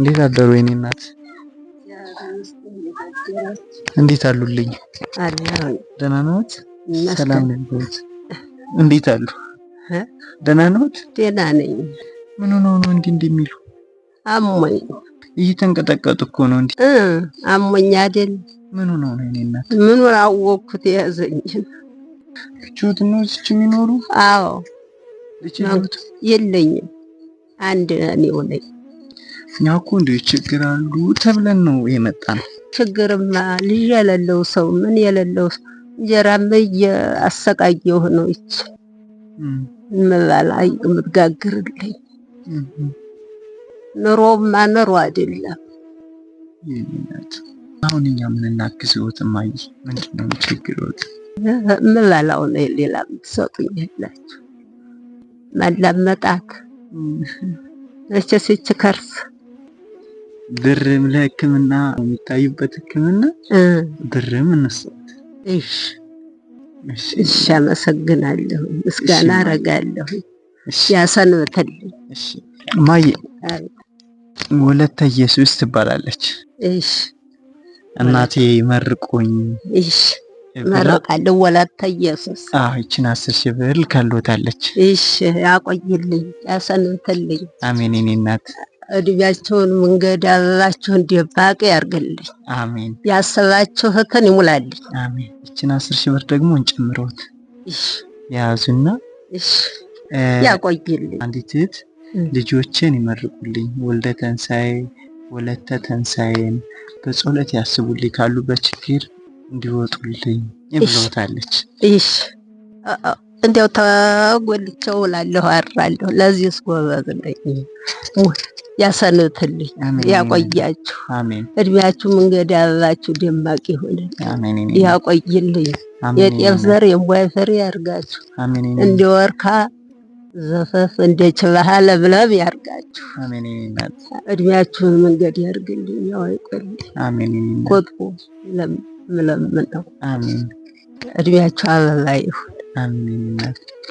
እንዴት አደሩ የኔ እናት? እንዴት አሉልኝ? ደህና ነዎት? ሰላም ነዎት? እንዴት አሉ? ደህና ነዎት? ደህና ነኝ። ምን ሆነው ነው እንዲህ እንዲህ የሚሉ? አሞኝ እየተንቀጠቀጡ እኮ ነው። እንዲህ አሞኝ አይደል? ምን ሆነው ነው የኔ እናት? ምኑ አወቅኩት የያዘኝን። ልጅዎት ነው እዚች የሚኖሩ? አዎ። ልጅ የለኝም አንድ እኔው ነኝ እኛ እኮ እንደ ችግር አሉ ተብለን ነው የመጣ ነው። ችግርማ ልጅ የሌለው ሰው ምን የሌለው እንጀራም እያሰቃየሁ ነው። ይች ምበላ የምትጋግርልኝ ኑሮማ ኑሮ አይደለም። አሁን እኛ ምን እናግዝዎት? ማይ ምንድን ነው የሚቸግረዎት? የምበላው ነው ሌላ የምትሰጡኝ የላችሁ። ማላመጣት እቺ ይች ከርስ ብርም ለህክምና የሚታዩበት ህክምና ድርም እንስት። እሺ፣ አመሰግናለሁ፣ ምስጋና አረጋለሁ። ያሰንብትልኝ። እማዬ ወለተ ኢየሱስ ትባላለች። እሺ፣ እናቴ መርቆኝ። እሺ፣ መርቃለሁ። ወለተ ኢየሱስ። አዎ፣ ይችን አስር ሺህ ብር ከሎታለች። እሺ፣ ያቆይልኝ፣ ያሰንብተልኝ። አሜን። እኔ እናት እድቢያቸውን መንገድ አበባቸውን እንዲባቅ ያርግልኝ። አሜን። ያሰባቸው ህክን ይሙላልኝ። አሜን። እችን አስር ሺህ ብር ደግሞ እንጨምረውት የያዙና ያቆይልኝ። አንዲት እህት ልጆችን ይመርቁልኝ፣ ወልደ ተንሳኤ ወለተ ተንሳኤን በጸሎት ያስቡልኝ፣ ካሉበት ችግር እንዲወጡልኝ ብለውታለች። ይሽ እንዲያው ተጎልቸው ውላለሁ፣ አድራለሁ። ለዚህ ስጎበዝ ነኝ። ያሰንብትልኝ ያቆያችሁ፣ እድሜያችሁ መንገድ አበባችሁ ደማቅ ይሆንልኝ፣ ያቆይልኝ፣ የጤፍ ዘር የንቧይ ፍሬ ያርጋችሁ፣ እንደ ወርካ ዘፈፍ እንደ ችባህ ለምለም ያርጋችሁ፣ እድሜያችሁ መንገድ ያርግልኝ፣ ያወይቆልኝ። ቆጥቆ እድሜያችሁ አበባ ይሁን።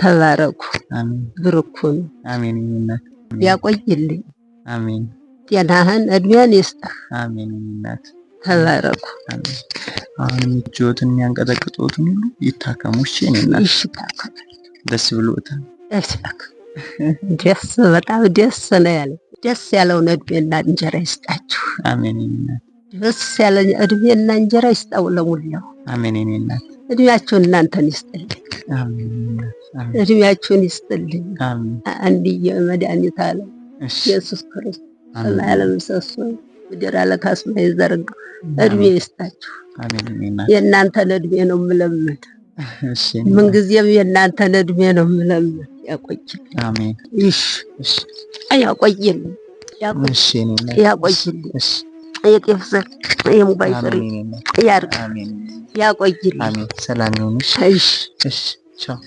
ተባረኩ፣ ብርኩን ያቆይልኝ አሜን። ጤናህን እድሜን ይስጥህ። አሜን። እናት ተባረኩ። አሁን የሚችሉትን የሚያንቀጠቅጡትን ሁሉ ይታከሙ። እሺ እናት ደስ ብሎታል። ደስ በጣም ደስ ነው ያለ። ደስ ያለውን እድሜና እንጀራ ይስጣችሁ። አሜን። እናት ደስ ያለ እድሜና እንጀራ ይስጣው ለሙላው። አሜን። እናት እድሜያችሁን እናንተን ይስጥልኝ። እድሜያችሁን ይስጥልኝ። አንድዬ መድኃኒት አለ ኢየሱስ ክርስቶስ ሰማይ ዓለም ምሰሶ ምድር አለቃ አስማ እድሜ ይስጣችሁ። የእናንተን እድሜ ነው የምለምድ። ምንጊዜም የእናንተን እድሜ ነው የምለምድ። ያቆይልን፣ ያቆይልን፣ ያቆይልን። የጤፍ ዘር የሙባይ ዘር ያርግ፣ ያቆይልን። ሰላም ይሁን። እሺ፣ እሺ፣ ቻው